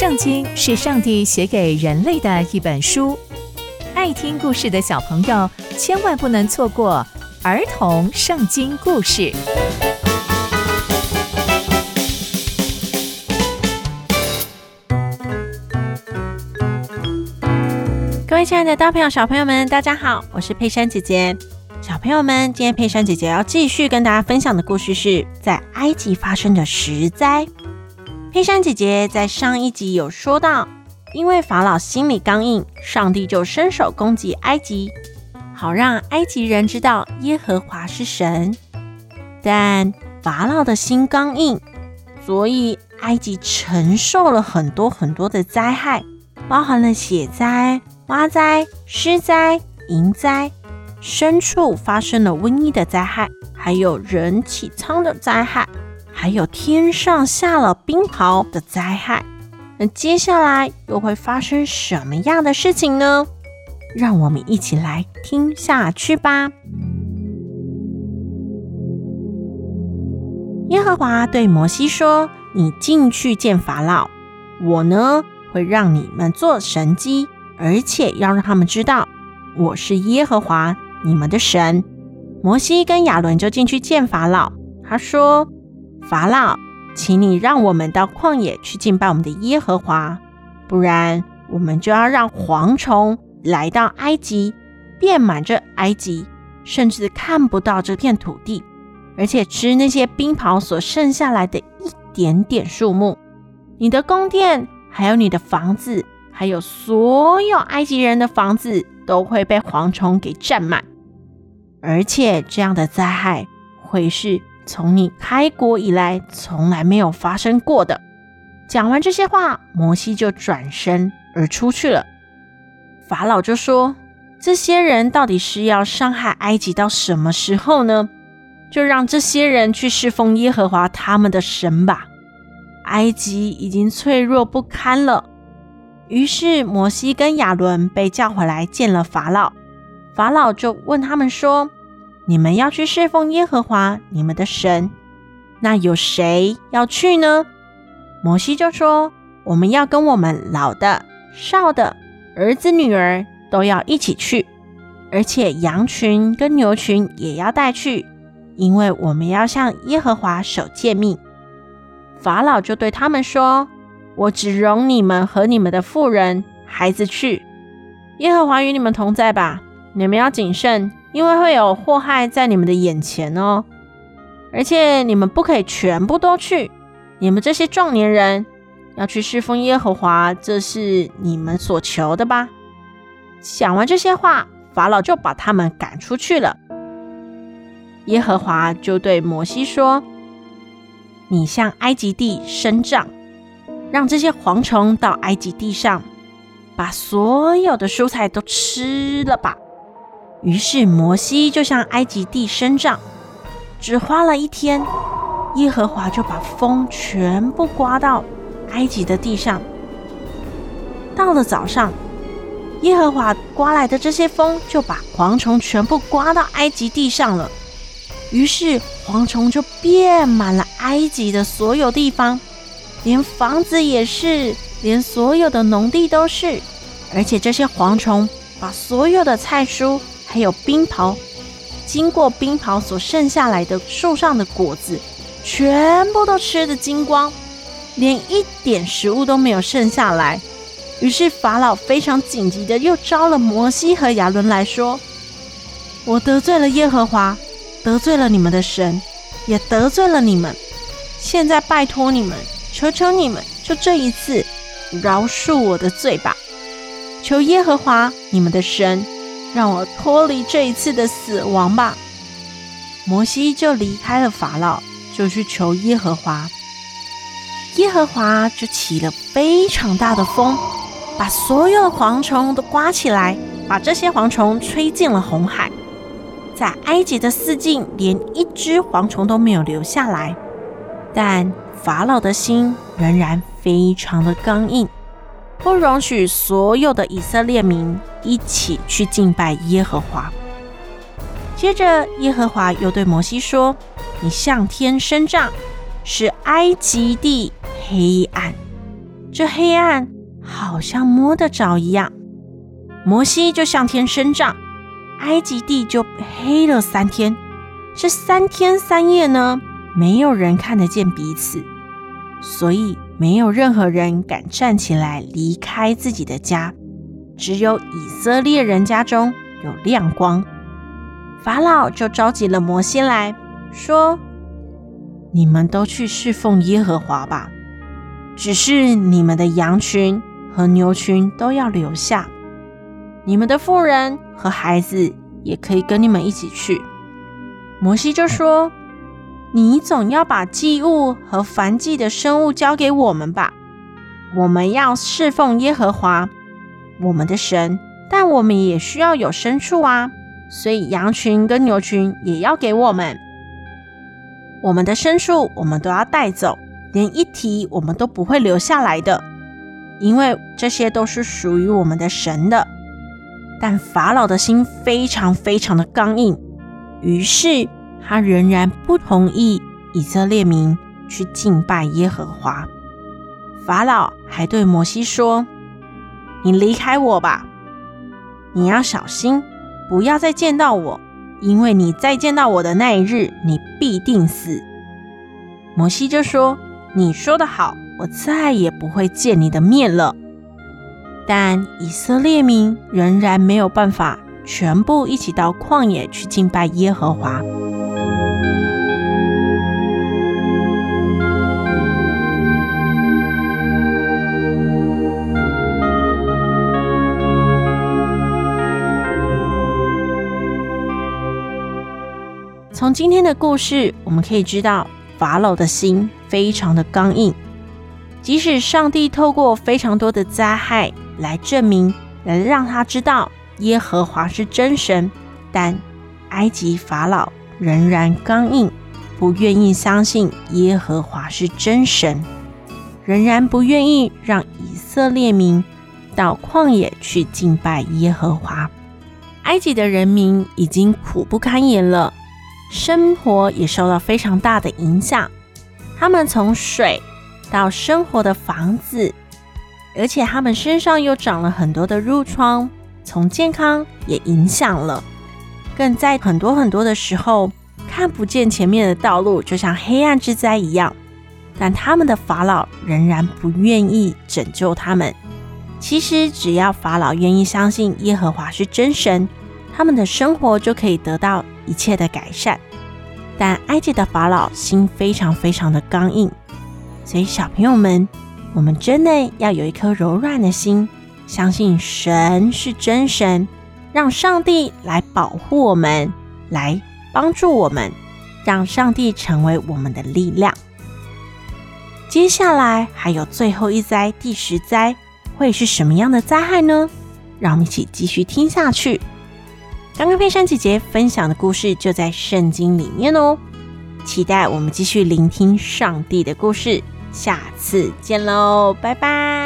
聖經是上帝寫給人類的一本書，愛聽故事的小朋友千萬不能錯過兒童聖經故事。各位親愛的大朋友、小朋友們，大家好，我是佩珊姐姐。小朋友們，今天佩珊姐姐要繼續跟大家分享的故事是在埃及發生的十災。佩珊姐姐在上一集有說到，因為法老心裡剛硬，上帝就伸手攻擊埃及，好讓埃及人知道耶和華是神。但法老的心剛硬，所以埃及承受了很多很多的災害，包含了血災、蛙災、虱災、蠅災，牲畜發生了瘟疫的災害，還有人起瘡的災害。還有天上下了冰雹的災害，那接下來又會發生什麼樣的事情呢？讓我們一起來聽下去吧。耶和華對摩西說：“你進去見法老，我呢會讓你們做神蹟，而且要讓他們知道我是耶和華你們的神。”摩西跟亞倫就進去見法老，他說，法老，請你讓我們到曠野去敬拜我們的耶和華，不然我們就要讓蝗蟲來到埃及，遍滿這埃及，甚至看不到這片土地，而且吃那些冰雹所剩下來的一點點樹木。你的宮殿，還有你的房子，還有所有埃及人的房子，都會被蝗蟲給佔滿。而且這樣的災害會是，從你開國以來，從來沒有發生過的。講完這些話，摩西就轉身而出去了。法老就說：“這些人到底是要傷害埃及到什麼時候呢？就讓這些人去侍奉耶和華他們的神吧。埃及已經脆弱不堪了。”於是摩西跟亞倫被叫回來見了法老，法老就問他們說。你們要去侍奉耶和華你們的神，那有誰要去呢？摩西就說：“我們要跟我們老的、少的、兒子、女兒都要一起去，而且羊群跟牛群也要帶去，因為我們要向耶和華守誡命。”法老就對他們說：“我只容你們和你們的婦人、孩子去，耶和華與你們同在吧。你們要謹慎。”因為會有禍害在你們的眼前哦，而且你們不可以全部都去。你們這些壯年人要去侍奉耶和華，這是你們所求的吧？講完這些話，法老就把他們趕出去了。耶和華就對摩西說：“你向埃及地伸杖，讓這些蝗蟲到埃及地上，把所有的蔬菜都吃了吧。”於是摩西就向埃及地伸杖，只花了一天，耶和華就把風全部颳到埃及的地上。到了早上，耶和華颳來的這些風就把蝗蟲全部颳到埃及地上了。於是蝗蟲就遍滿了埃及的所有地方，連房子也是，連所有的農地都是。而且這些蝗蟲把所有的菜蔬，還有冰雹，經過冰雹所剩下來的樹上的果子，全部都吃得精光，連一點食物都沒有剩下來。於是法老非常緊急地又招了摩西和亞倫來說：“我得罪了耶和華，得罪了你們的神，也得罪了你們。現在拜託你們，求求你們，就這一次，饒恕我的罪吧！求耶和華，你們的神。”讓我脫離這一次的死亡吧！摩西就離開了法老，就去求耶和華。耶和華就起了非常大的風，把所有的蝗蟲都颳起來，把這些蝗蟲吹進了紅海。在埃及的四境，連一隻蝗蟲都沒有留下來。但法老的心仍然非常的剛硬，不容許所有的以色列民。一起去敬拜耶和華。接着，耶和華又對摩西說：“你向天伸杖，使埃及地黑暗。這黑暗好像摸得着一樣。摩西就向天伸杖，埃及地就黑了三天。這三天三夜呢，沒有人看得見彼此，所以沒有任何人敢站起來離開自己的家。”只有以色列人家中有亮光，法老就召集了摩西來說：“你們都去侍奉耶和華吧，只是你們的羊群和牛群都要留下，你們的婦人和孩子也可以跟你們一起去。”摩西就說：“你總要把祭物和燔祭的生物交給我們吧，我們要侍奉耶和華。”我們的神，但我們也需要有牲畜啊，所以羊群跟牛群也要給我們。我們的牲畜我們都要帶走，連一蹄我們都不會留下來的，因為這些都是屬於我們的神的。但法老的心非常非常的剛硬，於是他仍然不同意以色列民去敬拜耶和華。法老還對摩西說。你離開我吧，你要小心，不要再見到我，因為你再見到我的那一日，你必定死。摩西就說：“你說得好，我再也不會見你的面了。”但以色列民仍然沒有辦法全部一起到曠野去敬拜耶和華。從今天的故事，我們可以知道，法老的心非常的剛硬。即使上帝透過非常多的災害來證明，來讓他知道耶和華是真神，但埃及法老仍然剛硬，不願意相信耶和華是真神，仍然不願意讓以色列民到曠野去敬拜耶和華。埃及的人民已經苦不堪言了。生活也受到非常大的影響，他們從水到生活的房子，而且他們身上又長了很多的褥瘡，從健康也影響了，更在很多很多的時候看不見前面的道路，就像黑暗之災一樣。但他們的法老仍然不願意拯救他們。其實只要法老願意相信耶和華是真神，他們的生活就可以得到一切的改善，但埃及的法老心非常非常的剛硬，所以小朋友們，我們真的要有一顆柔軟的心，相信神是真神，讓上帝來保護我們，來幫助我們，讓上帝成為我們的力量。接下來還有最後一災，第十災，會是什麼樣的災害呢？讓我們一起繼續聽下去。剛剛佩珊姐姐分享的故事就在聖經裡面哦，期待我們繼續聆聽上帝的故事，下次見嘍，拜拜。